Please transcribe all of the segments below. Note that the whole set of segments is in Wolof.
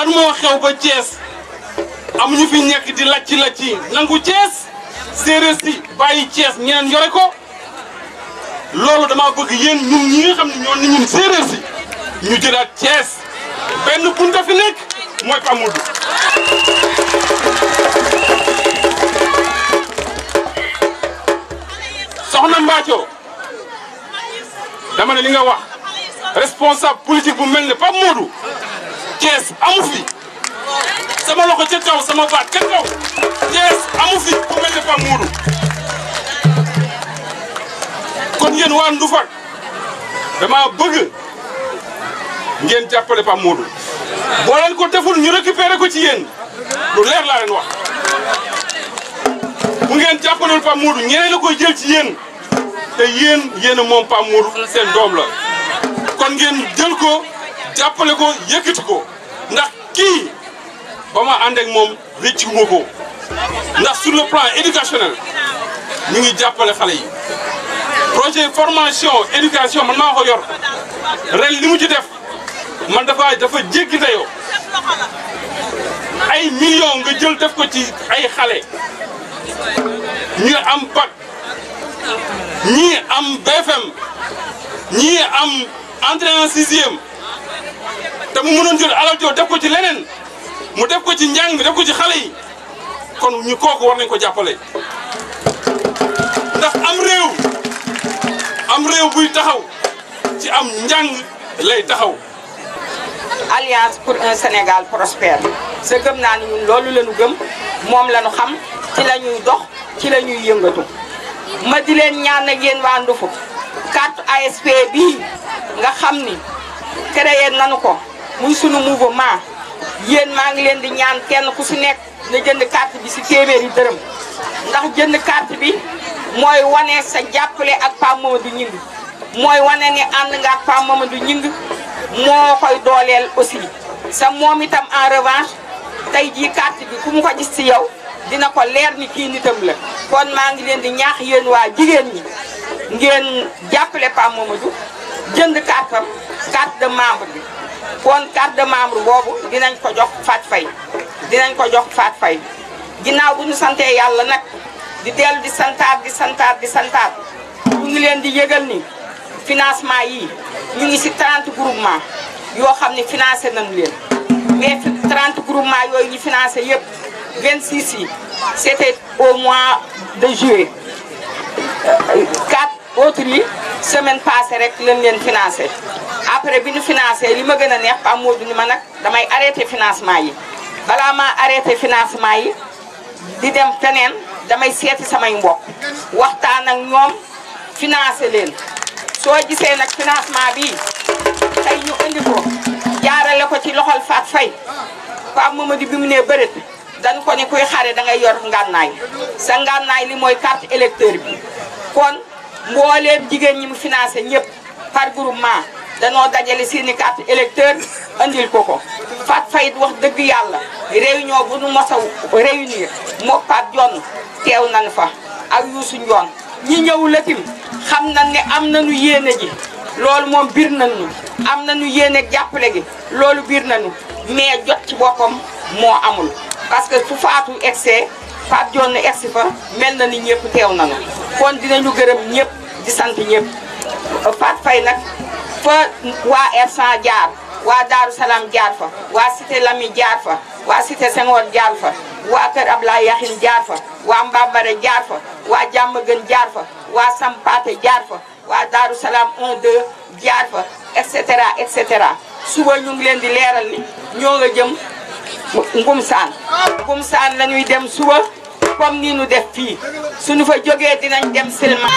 lan moo xew ba Thiès am ñu fi nekk di lacc lacc nangu Thiès séeréer si bàyyi Thiès ñeneen yore ko loolu dama bëgg yéen ñun ñi nga xam ne ñoo ni ñun séeréer si ñu jëlaat Thiès benn bunta fi nekk mooy Pamoudou soxna Mbathio dama ne li nga wax responsable politique bu mel ne Pamoudou Thiès amu fi sama loxo ca kaw sama baat ca kaw amu fi ku mel ne Pape kon yéen waa Ndufak dama bëgg ngeen jàppale Pape Modou boo leen ko deful ñu récupérer ko ci yéen lu leer laa leen wax bu ngeen jàppalewul Pape Modou ñeneen la koy jël ci yéen te yéen yéen moom Pape Modou seen doom la kon ngeen jël ko plus ko ndax ki ak sur le plan éducationnel ñu ngi jàppale xalé yi projet formation éducation man ne sais yor rel limu ci def man dafa dafa ay millions nga jël def ko ci ay xalé ñu am bac ñi am BFM ñi am entrée en sixième te mu mënoon jël alal joo def ko ci leneen mu def ko ci njàng def ko ci xale yi kon ñu kooku war nañ ko jàppale ndax am réew am réew buy taxaw ci am njàng lay taxaw alliance pour un Sénégal prospère sa gëm naa ni ñun loolu la ñu gëm moom la ñu xam ci la ñuy dox ci la ñuy yëngatu ma di leen ñaan ak yéen waa Ndofou carte ASP bii nga xam ni créé nanu ko muy sunu mouvement yéen maa ngi leen di ñaan kenn ku si nekk na jënd carte bi si téeméeri dërëm ndax jënd carte bi mooy wane sa jàppale ak Pape Mamadou Gningue mooy wane ni ànd nga ak Pape Mamadou Gningue moo koy dooleel aussi sa moom itam en revanche tey jii carte bi ku mu ko gis si yow dina ko leer ni kii nitam la kon maa ngi leen di ñaax yéen waa jigéen ñi ngeen jàppale Pape Mamadou jënd carte am carte de membre bi kon carte de membre boobu dinañ ko jox Fatou fay dinañ ko jox Fatou fay ginnaaw bu ñu santee yàlla nag di dellu di santaat di santaat di santaat ñu leen di yëgal ni financement yi ñu ngi si trente groupement yoo xam ne financé nañu leen mais 30 groupement yooyu ñu financé yëpp 26 yi c'était au mois de juillet 4 euh, autres yi semaine passée rek lañ leen financé après bi ñu financé li ma gën a neex Pa Modou ni ma nag damay arrêté financement yi balaa maa arrêté financement yi di dem feneen damay seeti samay mbokk waxtaan ak ñoom financé leen soo gisee nag financement bi tey ñu indi ko jaarale ko ci loxol Faat Fay Pape Mamadou bi mu nee bëreet dañ ko ni kuy xare da ngay yor ngànnaay sa ngànnaay li mooy carte électeur bi kon mbooleem jigéen ñi mu financé ñëpp par groupement danoo dajale seeni carte électeur andil ko ko Fat Fayit wax dëgg yàlla réunion bu nu mos a réunir moo Pape Dione teew nan fa ak Youssou Ndione ñi ñëw latim xam na ne am nañu yéene ji loolu moom biir na nañu am na nañu yéene jàppale gi loolu biir nañu mais jot ci boppam moo amul parce que su faatu excès Pape Dione egsi fa mel na ni ñëpp teew nañu kon dinañu gërëm ñëpp di sant ñëpp Fat Fay nag fa wa Ersan jaar wa Daaru Salaam jaar fa wa Cité Lami jaar fa waa Cité Senghor jaar fa wa Kër Ablaye Yaxin jaar fa waa Mbambara jaar fa waa Jàmmagën jaar fa waa Sampaate jaar fa waa Daaru Salaam 1 2 jaar fa et cetera et cetera suba ñu ngi leen di leeral ni ñoo nga jëm Ngumsaan Ngumsaan la ñuy dem suba comme ni ñu def fii suñu fa jógee dinañ dem Silma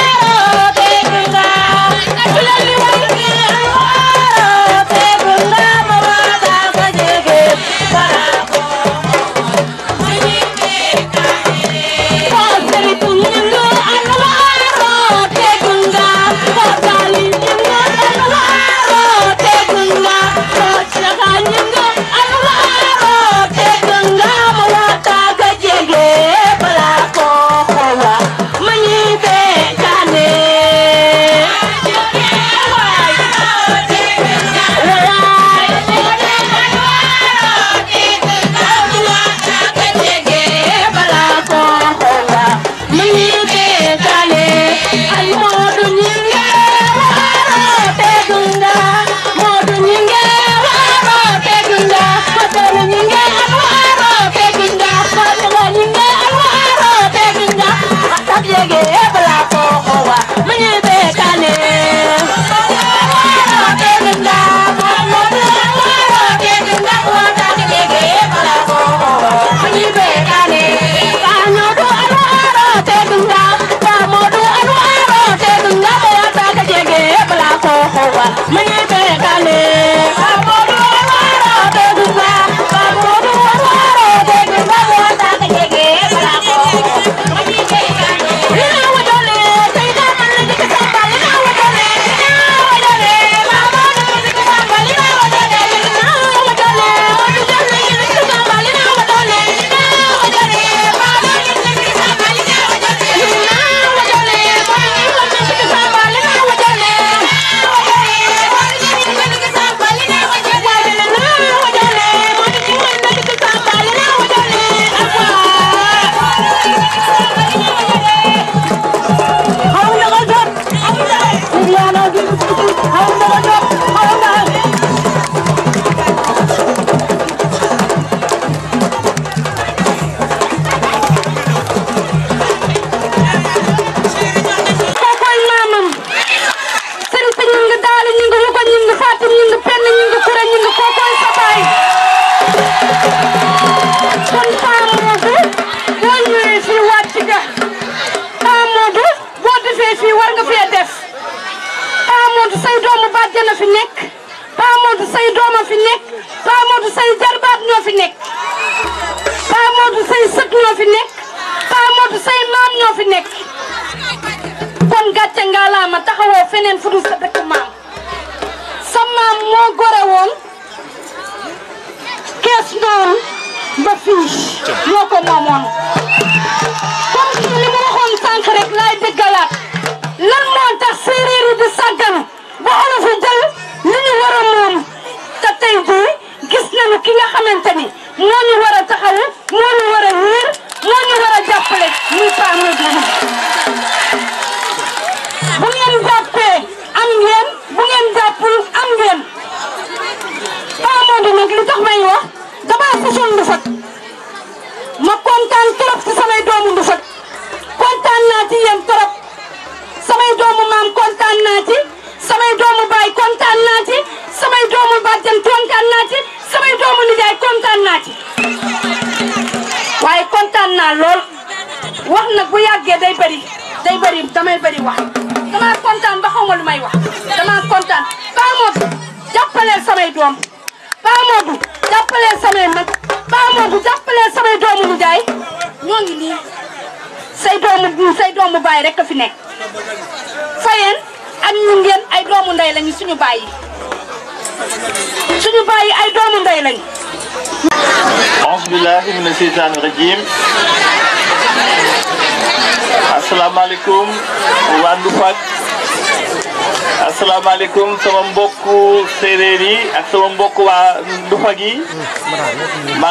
asalaamaaleykum sama sereri, séeréer yi ak sama mbokku waa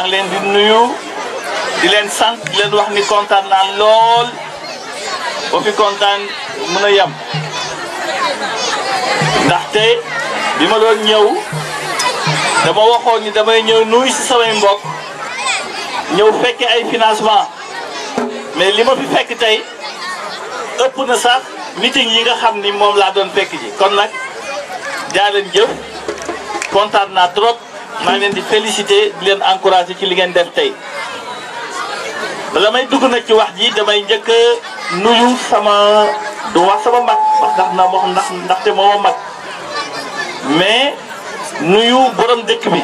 di nuyu di leen sant di leen wax ni kontaan naa lool ba fi kontaan mën a yem ndaxte bi ma doon ñëw dama waxoon ni damay ñëw nuyu si samay mbokk ñëw fekke ay financement mais li ma fi fekk tey ëpp na sax meeting yi nga xam ni moom doon fekk ji kon nag jaa leen jëf kontaan naa trop maa leen di féliciter di leen encourager ci li ngeen def tey. bala may dugg nag ci wax ji damay njëkk nuyu sama du wax sama mag wax ndax na wax ndax te moo mag mais nuyu borom dëkk bi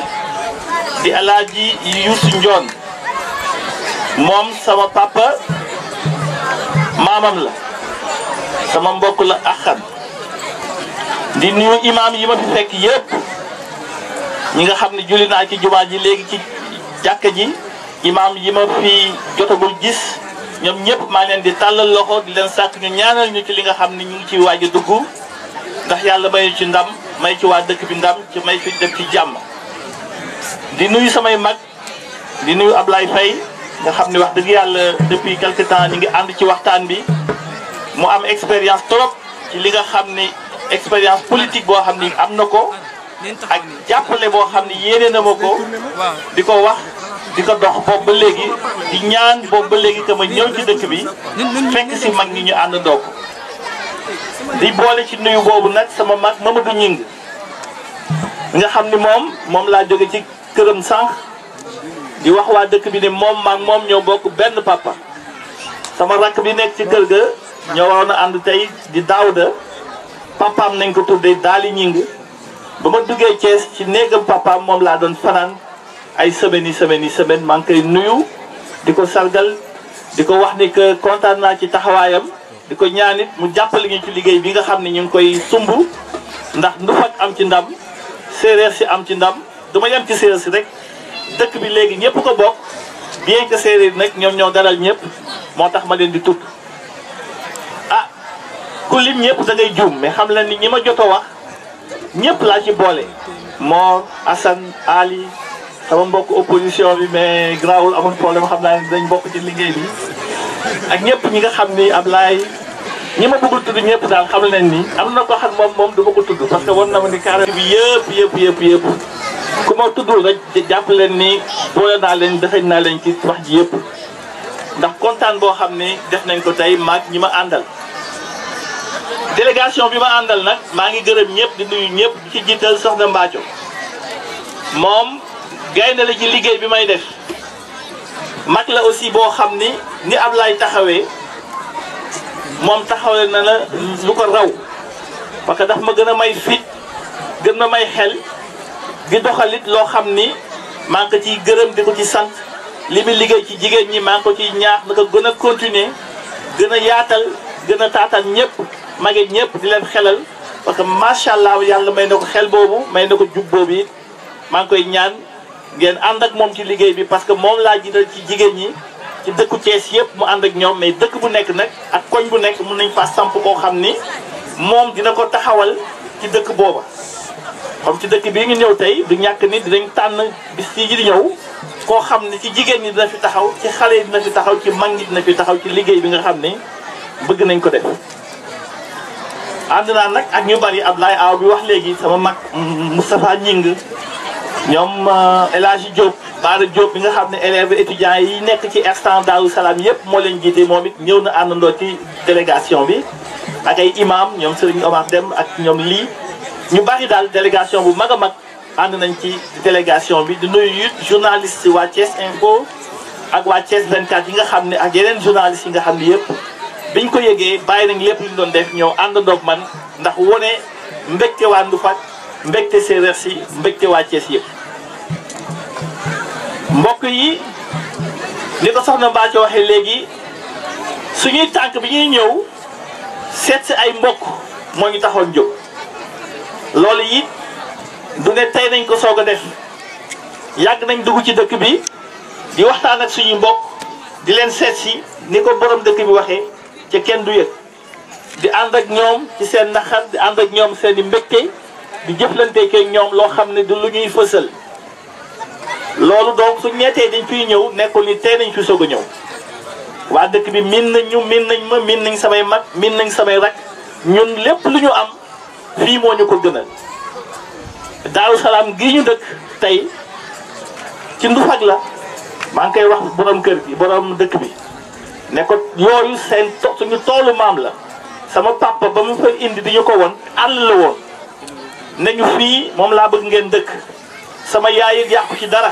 di alaaji Youssou Njoon moom sama papa maamam la sama mbokk la axan di nuyu imaam yi ma fi fekk yëpp ñi nga xam ne julli naa ci jumaa ji léegi ci jàkka ji imaam yi ma fi jotagul gis ñoom ñëpp maa leen di tàllal loxo di leen sàkk ñu ñaanal ñu ci li nga xam ni ñu ngi ciy waaj a dugg ndax yàlla mayu ci ndam may ci waa dëkk bi ndam ci may ci dëkk ci jàmm di nuyu samay mag di nuyu Ablaye Faye nga xam ne wax dëgg yàlla depuis quelque temps ñu ngi ànd ci waxtaan bi mu am expérience trop ci li nga xam ne expérience politique boo xam ni am na ko ak jàppale boo xam ni yéene na ko di ko wax di ko dox boobu ba léegi di ñaan boobu ba léegi que ma ñëw ci dëkk bi fekk mag ñu ko di boole ci nuyu boobu nag sama mag Mamadou Ñing nga mom mom moom moom laa ci di wax waa dëkk bi ne mom maag moom ñoo bokk benn papa sama rakk bi nekk ci kër ga ñoo di Daawda papaam nañ ko tuddee daali ñing ba ma duggee Thiès ci néegam papaam moom laa doon fanaan ay semaines yi semaines yi semaine maa ngi koy nuyu di ko sargal di ko wax ni que kontaan naa ci taxawaayam di ko ñaanit mu jàppale ñu ci liggéey bi nga xam ne ñu ngi koy sumb ndax ndufak am ci ndam séeréer si am ci ndam du ma yem ci séeréer si rek dëkk bi léegi ñëpp ko bokk bien que séeréer nag ñoom ñoo daral ñëpp moo tax ma leen di tudd ku lim ñëpp dangay ngay juum mais xam la ni ñi ma joto a wax ñëpp laa ci boole. Mor Assane Ali sama mbokk opposition bi mais grawul amul problème xam naa ne dañ bokk ci liggéey bi ak ñëpp ñi nga xam ni Ablaye ñi ma bëggul tudd ñëpp daal xam leen ni am na ko xam moom moom du ko tudd parce que war na ma ni carré bi yëpp yëpp yëpp yëpp ku ma tuddul rek jàpp leen ni boole naa leen defañ naa leen ci wax ji yëpp ndax kontaan boo xam ne def nañ ko tey maag ñi ma àndal délégation bi ma àndal nag maa ngi gërëm ñëpp di nuyu ñëpp ci jiital soxna Mbaaco moom gaynde la ci liggéey bi may def mag la aussi boo xam ni ni Ablaye taxawee moom taxawe na la lu ko raw parce que daf ma gën a may fit gën na may xel di doxalit loo xam ni maa ngi ko ciy gërëm di ko ci sant li muy liggéey ci jigéen ñi maa ngi ko ciy ñaax na ko gën a continuer gën a yaatal gën a taatal ñëpp mage ñëpp di leen xelal parce que macha allah yàlla may na ko xel boobu may na ko jub boobu it maa ngi koy ñaan ngeen ànd ak moom ci liggéey bi parce que moom laa jiital ci jigéen ñi ci dëkku Thiès yëpp mu ànd ak ñoom mais dëkk bu nekk nag ak koñ bu nekk mun nañ fa samp koo xam ni moom dina ko taxawal ci dëkk booba. comme ci dëkk bii ngi ñëw tey du ñàkk ni dinañ tànn bis yi di ñëw koo xam ne ci jigéen ñi dina fi taxaw ci xale dina fi taxaw ci mag ñi dina fi taxaw ci liggéey bi nga xam bëgg nañ ko def. ànd naa nag ak ñu bari Abdoulaye Aw bi wax léegi sama mag mm, Moustapha Ñing ñoom euh, El Hadji Diop Baara Diop bi nga xam ne élèves étudiants yi nekk ci instant Daaru Salaam yëpp moo leen jiite moom it ñëw na àndandoo ci délégation bi ak ay imam ñoom Serigne Omar Dem ak ñoom lii ñu bari daal délégation bu mag a mag ànd nañ ci délégation bi di nuyu it journaliste waa Thiès ak waa Thiès 24 yi nga xam ne ak yeneen journaliste yi nga xam ne yëpp biñ ko yëgee bàyyi nañ lépp lu doon def ñëw àndandoog man ndax wone mbégte waa Ndufat mbégte séeréer si mbégte waa Thiès yëpp mbokk yi ni ko soxna Mbacke waxee léegi suñuy tànk bi ñuy ñëw seet si ay mbokk moo ñu taxoon jóg loolu it du ne tey nañ ko soog a def yàgg nañ dugg ci dëkk bi di waxtaan ak suñuy mbokk di leen seet si ni ko borom dëkk bi waxee ci kenn du yëg di ànd ak ñoom ci seen naxar di ànd ak ñoom seeni mbëkke mbégte di jëflante kee ñoom loo xam ne du lu ñuy fësal loolu donc suñ ñettee dañ fiy ñëw nekkul ni tey nañ fi soog a ñëw waa dëkk bi miin nañ ñu min nañ ma min nañ samay mag miin nañ samay rak ñun lépp lu ñu am fii moo ñu ko gënal daaru salaam gii ñu dëkk tey ci ndufag la maa ngi koy wax borom kër gi borom dëkk bi ne ko yooyu seen to suñu toolu maam la sama papa ba mu fa indi di ñu ko woon àll la woon ne ñu fii bëgg ngeen dëkk sama yaay yàqu ci dara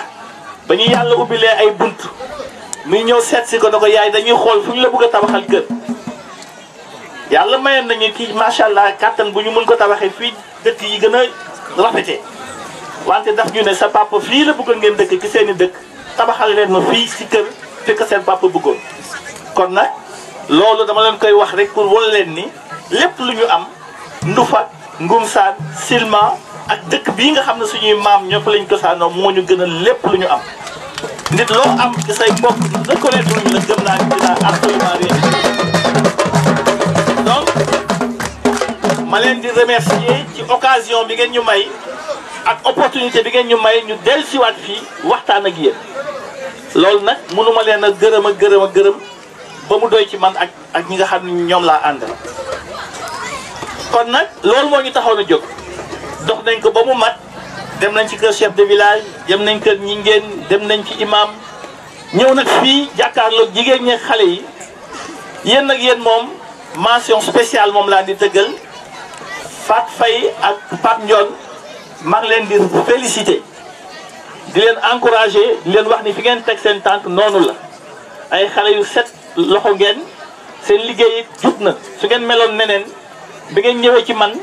ba ñu yàlla ubbilee ay bunt muy ñëw seet si ko ne ko yaay dañuy xool fu ñu la bëgg a tabaxal kër yàlla mayoon nañu kii macha katan kàttan bu ko tabaxee fii dëkk yi gën wante daf ñu ne sa papa fi la bëgg ngeen dëkk ci seen i dëkk tabaxal leen ma fii si kër fekk seen papa bëggoon kon nag loolu dama leen koy wax rek pour wan leen ni lépp lu ñu am Ndufa Ngumsaan Silma ak dëkk bii nga xam ne suñuy maam ñëpp lañ ko saanoo moo ñu gën a lépp lu ñu am. nit loo am ci say mbokk reconnaître ñu la gëm naa dinaa absolument rien donc ma leen di remercier ci occasion bi ngeen ñu may ak opportunité bi ngeen ñu may ñu dellusiwaat fii waxtaan ak yéen loolu nag mënuma leen a gërëm a gërëm a gërëm. ba mu doy ci man ak ak ñi nga xam ne ñoom laa àndal kon nag loolu moo ñu taxoon a jóg dox nañ ko ba mu mat dem nañ ci kër chef de village dem nañ kër ñi ngeen dem nañ ci imam ñëw nag fii jàkkaarloog jigéen ñi xale yi yéen nag yéen moom mention spéciale moom laa di dëggal Fat Faye ak Pape Ndione maa ngi leen di félicité di leen encouragé di leen wax ni fi ngeen teg seen tànk noonu la ay xale yu set loxo ngeen seen liggéey jub na su ngeen meloon neneen bi ngeen ñëwee ci man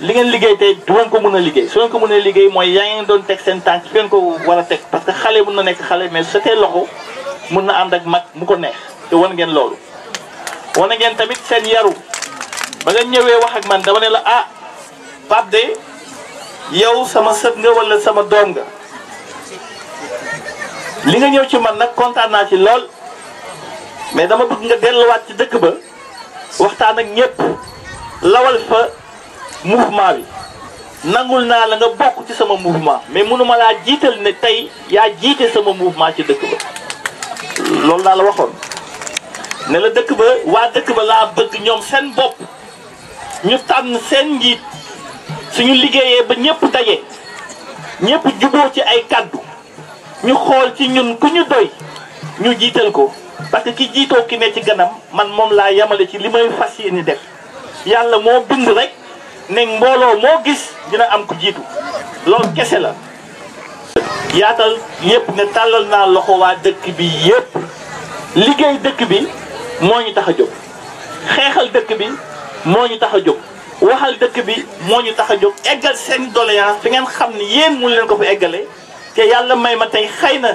li ngeen liggéey te du ngeen ko mën a liggéey su ko mën liggéey mooy yaa ngeen doon teg seen tànk fi ngeen ko war a teg parce que xale mun na nekk xale mais su setee loxo mun na ànd ak mag mu ko neex te wan ngeen loolu wane ngeen tamit seen yaru ba nga ñëwee wax ak man dama ne la ah Pape de yow sama sët nga wala sama doom nga li nga ñëw ci man nag kontaan ci lool mais dama bëgg nga delluwaat ci dëkk ba waxtaan ak ñépp lawal fa mouvement bi nangul naa la nga bokk ci sama mouvement mais mënuma laa jiital ne tey yaa jiite sama mouvement ci dëkk ba loolu daa la waxoon ne la dëkk ba waa dëkk ba laa bëgg ñoom seen bopp ñu tànn seen njiit suñu liggéeyee ba ñëpp daje ñëpp juboo ci ay kàddu ñu xool ci ñun ku ñu doy ñu jiital ko parce que ki jiitoo ki ne ci ganam man moom laa yamale ci li may fas ni def yàlla moo bind rek ne mbooloo moo gis dina am ku jiitu loolu kese la yaatal yépp ne tàllal naa loxo waa dëkk bi yépp liggéey dëkk bi moo ñu tax a jóg xeexal dëkk bi moo ñu tax a jóg waxal dëkk bi moo ñu tax a jóg eggal seen doléance fi ngeen xam ni yéen mu leen ko fa eggale te yàlla may ma tey xëy na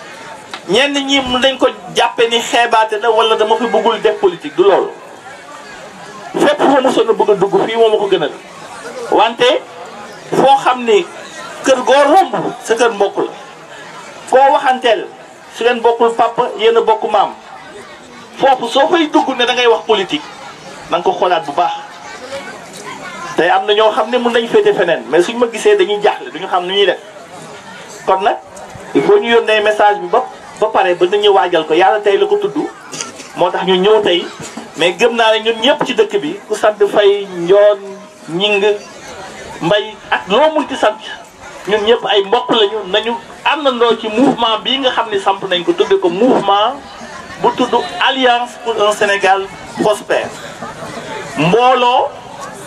ñenn ñi dañ ko jàppe ni xeebaate la wala dama fi bëggul def politique du loolu fépp foo mosoon a bëgg a dugg fii moo ma ko gënal wante foo xam ni kër goo romb sa kër mbokk la koo waxanteel su ngeen bokkul papa yéen a bokk maam foofu soo koy dugg ne da ngay wax politique na ko xoolaat bu baax te am na ñoo xam ne mun nañ féete feneen mais suñ ma gisee dañuy jaaxle ñu xam ni ñuy def kon nag il ñu yónnee message bi bopp ba pare ba nit ñi waajal ko yàlla tey la ko tudd moo tax ñu ñëw tey mais gëm naa ne ñun ñëpp ci dëkk bi ku sant fay njoon ñing mbay ak loo mun ci sant ñun ñëpp ay mbokk lañu nañu àndandoo ci mouvement bii nga xam ni samp nañ ko tudd ko mouvement bu tudd alliance pour un Sénégal prospère mbooloo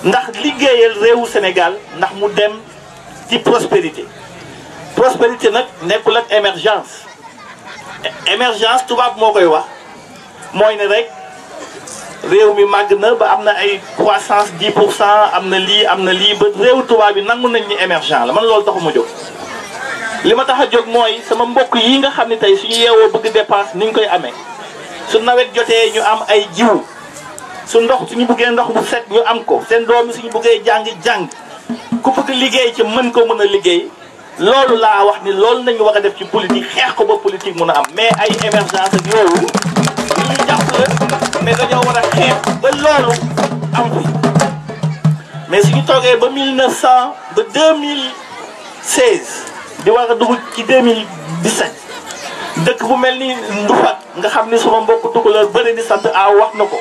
ndax liggéeyal réewu Sénégal ndax mu dem ci prospérité prospérité nag nekkul ak émergence émergence tubaab moo koy wax mooy ne rek réew mi màgg na ba am na ay croissance 10 pour cent am na lii am na lii ba réew tubaab yi nangu nañ ni émergent la man loolu taxu ma jóg. li ma tax a jóg mooy sama mbokk yi nga xam ne tey suñu yeewoo bëgg dépense ni ñu koy amee su nawet jotee ñu am ay jiw su ndox su ñu buggee ndox bu set ñu am ko seen doom yi suñu bëggee jàng jàng ku bëgg liggéey ci mën ko mën a liggéey. loolu laa wax ni loolu nañu wax a def ci politique xeex ko ba politique mun a am mais ay émergence ak yooyu ñu ñu jàpp la mais dañoo a xeex ba loolu am fi mais su ñu toogee ba 1900 ba 2016 di war a dugg ci 2017 dëkk bu mel ni Ndufat nga xam ni suma mbokk tukulóor bëri di sant aw wax na ko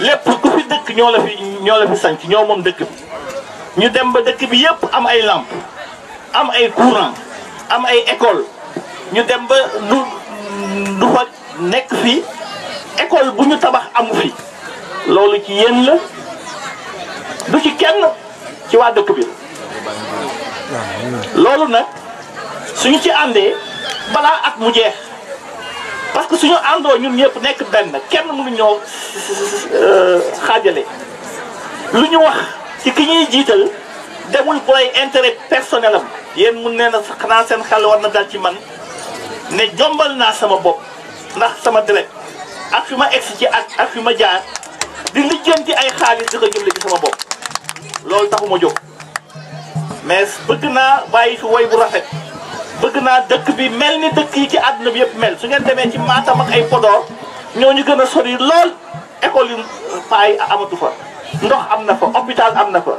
lépp ku fi dëkk ñoo la fi ñoo la fi sanc ñoo moom dëkk bi ñu dem ba dëkk bi yépp am ay làmp am ay courant am ay école ñu dem ba du fa nekk école bu ñu tabax amu fi loolu ci yéen la du ci kenn ci waa dëkk bi loolu nag suñu ci àndee balaa ak mu jeex parce que suñu àndoo ñun ñëpp nekk benn kenn mënu ñoo euh, xaajale lu ñu wax ci ki ñuy demul intérêt personnel yéen mun nee na xanaa seen xel war na dal ci man ne jombal naa sama bopp ndax sama deret a fi ma egsi ci ak ak fi ma jaar di lijjanti ay xaalis di ko jëmle sama bopp loolu taxuma jóg mais bëgg naa bàyyi fi woy bu rafet bëgg naa dëkk bi mel ni dëkk yi ci àdduna bi yëpp mel su ngeen demee ci Matam ay Podor ñooñu gën a sori lool école yu euh, paay amatu fa ndox am na fa hôpital am na fa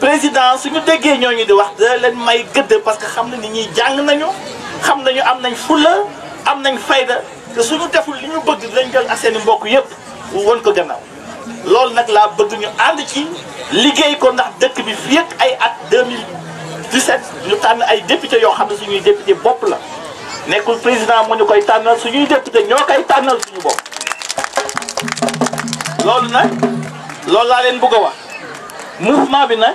président su ñu déggee ñooñu di wax da leen may gëdd parce que xam na ni ñi jàng nañu xam nañu am nañ fulla am nañ fayda te suñu deful li ñu bëgg dinañ jël a seen mbokk yëpp won ko gannaaw loolu nag laa bëgg ànd ci liggéey ndax dëkk bi fii ay at 2017 ñu tànn ay député yoo xam ne suñuy député bopp la nekkul président mu ñu koy tànnal suñuy député ñoo koy tànnal suñu bopp loolu nag loolu laa leen bëgg a wax mouvement bi na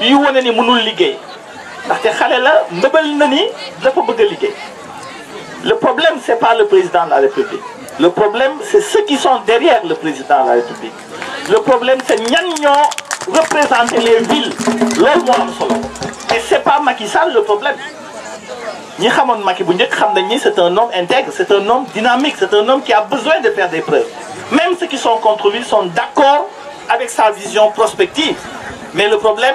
le problème c'est pas le président de la république le problème c'est ceux qui sont derrière le président de la république le problème c'est ñan représenter les villes Et mo am et c'est pas Macky Sall le problème ñi xamone Macky bu c'est un homme intègre c'est un homme dynamique c'est un homme qui a besoin de faire des preuves même ceux qui sont contre lui sont d'accord avec sa vision prospective mais le problème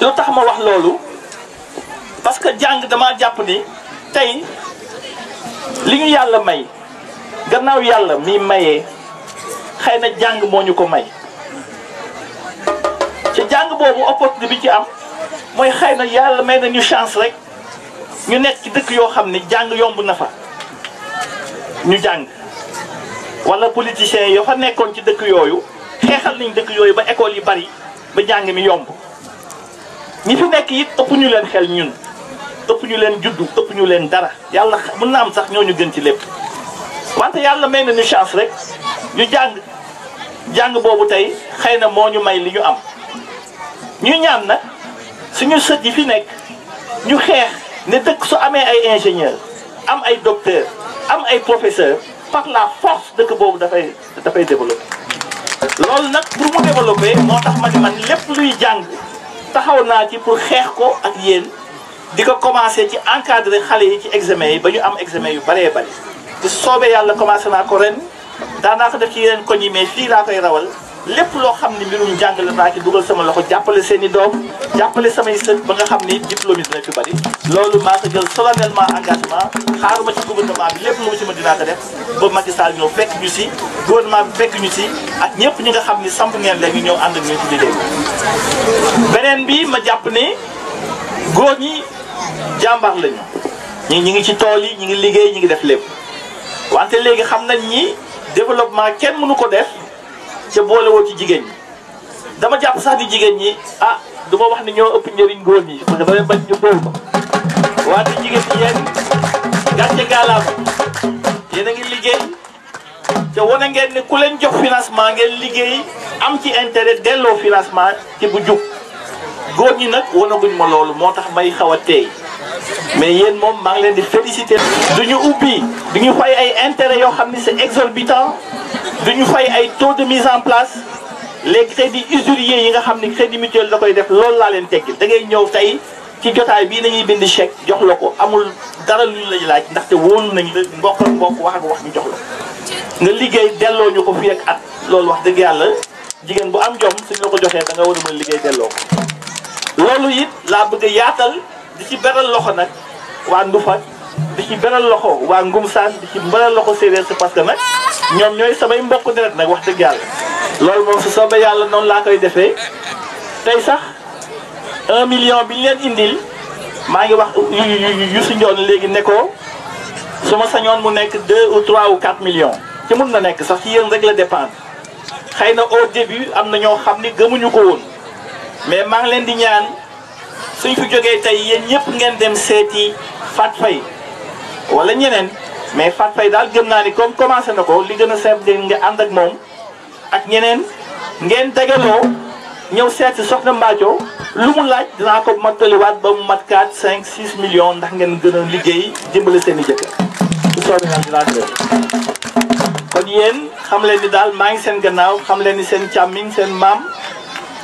lu tax ma wax loolu parce que jàng damaa jàpp ni tey li ñu yàlla may gannaaw yàlla mi mayee xëy na jàng moo ñu ko may ci jàng boobu opportunité bi ci am mooy xëy na yàlla may na ñu chance rek ñu nekk ci dëkk yoo xam ni jàng yomb na fa ñu jàng wala politiciens yoo xa nekkoon ci dëkk yooyu xeexal nañ dëkk yooyu ba école yi bari ba jàng mi yomb ñi fi nekk it ëpp ñu leen xel ñun ëpp ñu leen juddu ëpp ñu leen dara yàlla mën na am sax ñoo ñu gën ci lépp wante yàlla may na ñu chance rek ñu jàng jàng boobu tey xëy na moo ñu may li ñu am ñu ñaan nag suñu sët yi fi nekk ñu xeex ne dëkk su amee ay ingénieur am ay docteur am ay professeur par la force dëkk boobu dafay dafay développé loolu nag pour mu développé moo tax ma ne man lépp luy jàng taxaw naa ci pour xeex ko ak yéen di ko commencé ci encadrer xale yi ci examen yi ba ñu am examen yu baree bari te soobee yàlla commencé naa ko ren daan naa ko def ci yeneen ko yi mais fii laa koy rawal lépp loo xam ni mbirum jàng la naa ci dugal sama loxo jàppale seeni i doom jàppale samay sët ba nga xam ni diplôme yi dina fi bari loolu maa ko jël solennellement engagement xaaruma ci gouvernement bi lépp lu ci mën dinaa ko def ba Macky Sall ñëw fekk ñu si gouvernement bi fekk ñu si ak ñëpp ñu nga xam ni samp ngeen léegi ñëw ànd ak ñun ci liggéey beneen bi ma jàpp ne góor ñi jàmbar lañu ñi ñi ngi ci tool yi ñi ngi liggéey ñi ngi def lépp wante léegi xam nañ ni développement kenn mënu ko def ca boole ci jigéen ñi dama jàpp sax ni jigéen ñi ah du ma wax ni ñoo ëpp njëriñ góor ñi parce que damay bañ ñu góor ma waaye jigéen ñi yéen gàcce gaalaam yéen a ngi liggéey te wane ngeen ni ku leen jox financement ngeen liggéey am ci intérêt delloo financement ci bu jub góor ñi nag wanaguñ ma loolu moo tax may xaw a teey mais yéen moom maa leen di féliciter. du ñu ubbi du ñu fay ay intérêts yoo xam ni c'est exorbitant du ñu fay ay taux de mise en place les crédits usuriers yi nga xam ni crédit mutuel la koy def loolu laa leen teggil da ngay ñëw tey ci jotaay bii dañuy bind chèque jox la ko amul dara lu ñu la laaj ndaxte woon nañ la mbokk ak mbokk wax ak wax jox la nga liggéey delloo ñu ko fii ak at loolu wax dëgg yàlla jigéen bu am jom suñ la ko joxee da nga war a mën liggéey delloo ko di ci beral loxo nag waa Ndufat di ci beral loxo waa Ngumsaan di ci beral loxo séeréer si parce que nag ñoom ñooy samay mbokk deret nag wax dëgg yàlla. loolu moom si su soobee yàlla noonu laa koy defee tey sax un million bi leen indil maa ngi wax Youssou Ndione léegi ne ko su ma sañoon mu nekk deux ou trois ou quatre millions. ci mun na nekk sax ci yéen rek la dépendre xëy na au am na ñoo xam ni gëmuñu ko woon mais maa ngi leen di ñaan. suñ fi jógee tey yéen ñëpp ngeen dem seeti Fat Faye wala ñeneen mais Fat Faye daal gën naa ni comme commencé na ko li gën a seet nga ànd ak moom ak ñeneen ngeen dajaloo ñëw seeti soxna Mbathio lu mu laaj dinaa ko mottaliwaat ba mu mat 4 5 ndax ngeen gën a liggéey dimbale seen jëkkër kon yéen xam leen ni daal maa ngi seen gannaaw xam leen ni seen càmmiñ seen maam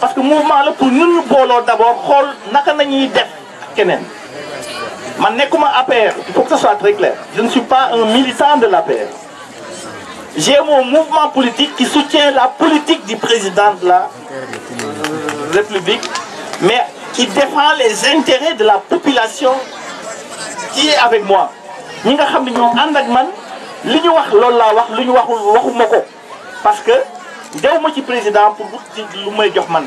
parce que mouvement là pour nous, ñu d'abord naka nañuy def kenen man APR il faut que ce soit très clair je ne suis pas un militant de l'APR j'ai mon mouvement politique qui soutient la politique du président de la République mais qui défend les intérêts de la population qui est avec moi ñi nga xam ne ñoo ànd ak man liñu wax lool la wax waxul parce que dew ma ci président pour wut ci lu may jox man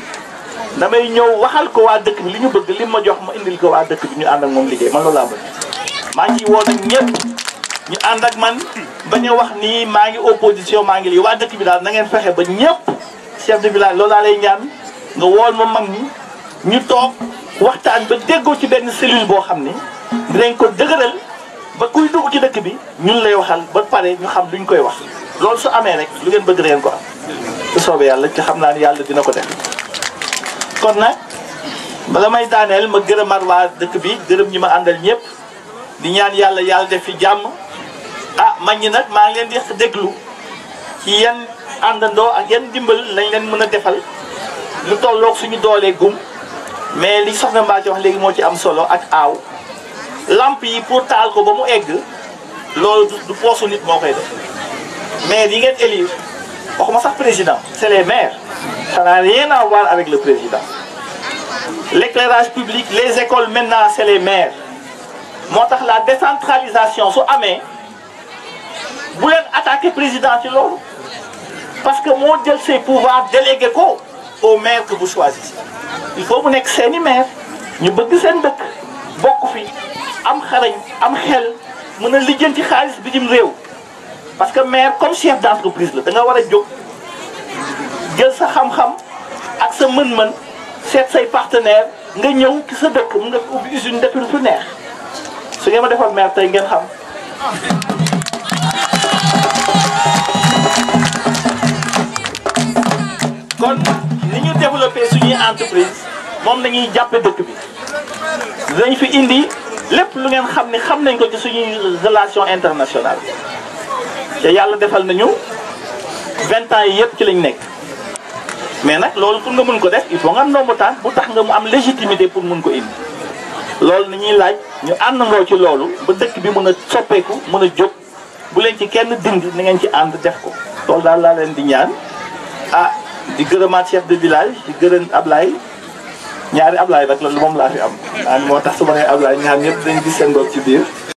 damay ñëw waxal ko waa dëkk bi li ñu bëgg li ma jox ma indil ko waa dëkk bi ñu ànd ak moom liggéey man loolu laa bëgg maa ngi woo nag ñëpp ñu ànd ak man bañ a wax nii maa ngi opposition maa ngi lii waa dëkk bi daal na ngeen fexe ba ñëpp chef de village loolu laa lay ñaan nga wool ma mag ñi ñu toog waxtaan ba déggoo ci benn cellule boo xam ne dinañ ko dëgëral ba kuy dugg ci dëkk bi ñun lay waxal ba pare ñu xam luñ koy wax loolu su amee rek lu ngeen bëgg ngeen ko am soobee yàlla ci xam naa ni yàlla dina ko def kon nag bala may daaneel ma gërëmaat waa dëkk bi gërëm ñi ma àndal ñëpp di ñaan yàlla yàlla def fi jàmm ah man ñi nag ngi leen di déglu ci yan àndandoo ak yan dimbal lañ leen mën a defal lu tolloog suñu doolee gum mais li soxna Mbacke wax léegi moo ci am solo ak aaw lamp yi pour taal ko ba mu egg loolu du poosu nit moo koy def mais yi ngeen élire ça président c'est les maires ça n'a rien à voir avec le président l'éclairage public les écoles maintenant c'est les maires la décentralisation Amé, vous voulez attaquer le président parce que mon Dieu c'est pouvoir déléguer quoi au maire que vous choisissez il faut vous soyez un maire ñu bëgg parce que maire comme chef d'entreprise la da war a jóg jël sa xam-xam ak sa mën-mën seet say partenaire nga ñëw ci sa dëkk mu nga ubbi usine def lu neex su ngeen ma defoon maire tey ngeen xam. kon ni ñu développé suñuy entreprise moom la ñuy jàppee dëkk bi dinañ fi indi lépp lu ngeen xam ne xam nañ ko ci suñuy relation internationale te yàlla defal nañu vingt ans yi yëpp ci lañ nekk mais nag loolu pour nga mun ko def il faut nga am ndombo bu tax nga mu am légitimité pour mun ko indi loolu ni ñuy laaj ñu àndandoo ci loolu ba dëkk bi mën a soppeeku mën a jóg bu leen ci kenn dindi na ngeen ci ànd def ko loolu daal laa leen di ñaan ah di gërëmaat chef de village di gërëm Ablaye ñaari Ablaye nag loolu moom laa fi am. waaw moo tax su ma nee Ablaye ñaar ñëpp dañ gis seen bopp ci biir.